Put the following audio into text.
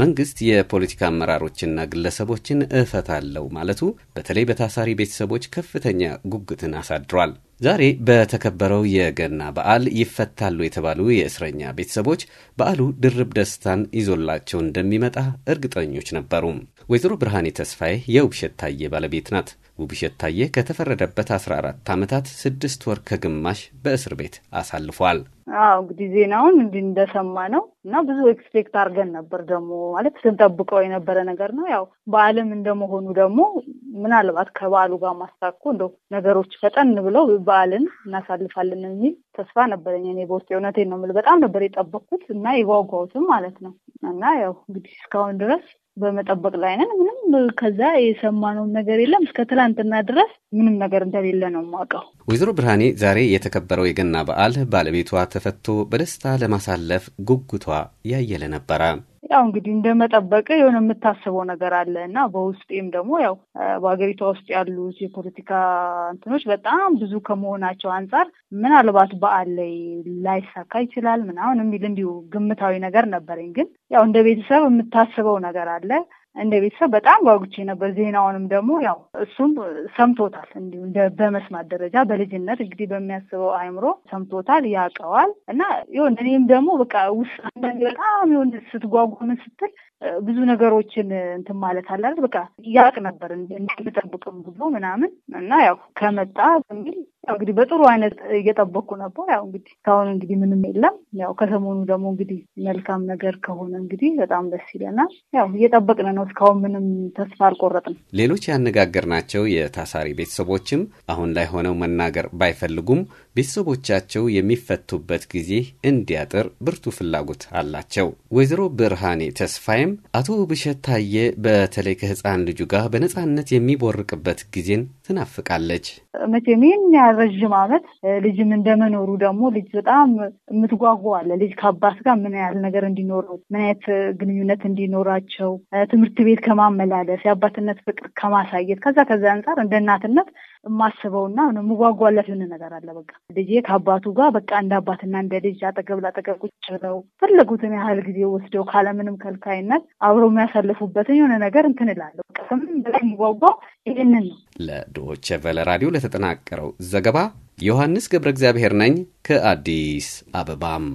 መንግስት የፖለቲካ አመራሮችና ግለሰቦችን እፈታለው ማለቱ በተለይ በታሳሪ ቤተሰቦች ከፍተኛ ጉጉትን አሳድሯል። ዛሬ በተከበረው የገና በዓል ይፈታሉ የተባሉ የእስረኛ ቤተሰቦች በዓሉ ድርብ ደስታን ይዞላቸው እንደሚመጣ እርግጠኞች ነበሩ። ወይዘሮ ብርሃኔ ተስፋዬ የውብሸት ታዬ ባለቤት ናት። ውብሸት ታዬ ከተፈረደበት 14 ዓመታት ስድስት ወር ከግማሽ በእስር ቤት አሳልፏል። አዎ እንግዲህ ዜናውን እንዲህ እንደሰማ ነው እና ብዙ ኤክስፔክት አድርገን ነበር። ደግሞ ማለት ስንጠብቀው የነበረ ነገር ነው። ያው በዓለም እንደመሆኑ ደግሞ ምናልባት ከበዓሉ ጋር ማስታኮ እንደው ነገሮች ፈጠን ብለው በዓልን እናሳልፋለን የሚል ተስፋ ነበረኝ እኔ በውስጥ የእውነቴን ነው የምልህ። በጣም ነበር የጠበቅኩት እና የጓጓሁትም ማለት ነው እና ያው እንግዲህ እስካሁን ድረስ በመጠበቅ ላይ ነን። ምንም ከዛ የሰማነው ነገር የለም። እስከ ትላንትና ድረስ ምንም ነገር እንደሌለ ነው የማውቀው። ወይዘሮ ብርሃኔ ዛሬ የተከበረው የገና በዓል ባለቤቷ ተፈቶ በደስታ ለማሳለፍ ጉጉቷ ያየለ ነበረ። ያው እንግዲህ እንደመጠበቅ የሆነ የምታስበው ነገር አለ እና በውስጤም ደግሞ ያው በሀገሪቷ ውስጥ ያሉት የፖለቲካ እንትኖች በጣም ብዙ ከመሆናቸው አንጻር ምናልባት በዓል ላይ ላይሳካ ይችላል ምናምን የሚል እንዲሁ ግምታዊ ነገር ነበረኝ። ግን ያው እንደ ቤተሰብ የምታስበው ነገር አለ እንደ ቤተሰብ በጣም ጓጉቼ ነበር። ዜናውንም ደግሞ ያው እሱም ሰምቶታል፣ እንዲሁ በመስማት ደረጃ በልጅነት እንግዲህ በሚያስበው አይምሮ ሰምቶታል፣ ያውቀዋል እና ይሆን እኔም ደግሞ በቃ ውስጥ አንዳንዴ በጣም ይሁን ስትጓጉ ምን ስትል ብዙ ነገሮችን እንትን ማለት አላል በቃ ያውቅ ነበር እንደምጠብቅም ብዙ ምናምን እና ያው ከመጣ በሚል ያው እንግዲህ በጥሩ አይነት እየጠበቅኩ ነበር። ያው እንግዲህ እስካሁን እንግዲህ ምንም የለም። ያው ከሰሞኑ ደግሞ እንግዲህ መልካም ነገር ከሆነ እንግዲህ በጣም ደስ ይለናል። ያው እየጠበቅን ነው። እስካሁን ምንም ተስፋ አልቆረጥም። ሌሎች ያነጋገርናቸው የታሳሪ ቤተሰቦችም አሁን ላይ ሆነው መናገር ባይፈልጉም ቤተሰቦቻቸው የሚፈቱበት ጊዜ እንዲያጥር ብርቱ ፍላጎት አላቸው። ወይዘሮ ብርሃኔ ተስፋይም አቶ ብሸት ታየ በተለይ ከህፃን ልጁ ጋር በነፃነት የሚቦርቅበት ጊዜን ትናፍቃለች። መቼም ይህን ያህል ለረዥም ዓመት ልጅም እንደመኖሩ ደግሞ ልጅ በጣም የምትጓጓ አለ። ልጅ ከአባት ጋር ምን ያህል ነገር እንዲኖረው፣ ምን አይነት ግንኙነት እንዲኖራቸው፣ ትምህርት ቤት ከማመላለስ፣ የአባትነት ፍቅር ከማሳየት ከዛ ከዛ አንጻር እንደ እናትነት የማስበውና የምጓጓለት የሆነ ነገር አለ። በቃ ልጄ ከአባቱ ጋር በቃ እንደ አባትና እንደ ልጅ አጠገብ ላጠገብ ቁጭ ብለው ፈለጉትን ያህል ጊዜ ወስደው ካለምንም ከልካይነት አብረው የሚያሳልፉበትን የሆነ ነገር እንትን እላለሁ። ስም በላይ የሚጓጓው ይህንን ነው። ለዶች ቨለ ራዲዮ ለተጠናቀረው ዘገባ ዮሐንስ ገብረ እግዚአብሔር ነኝ ከአዲስ አበባም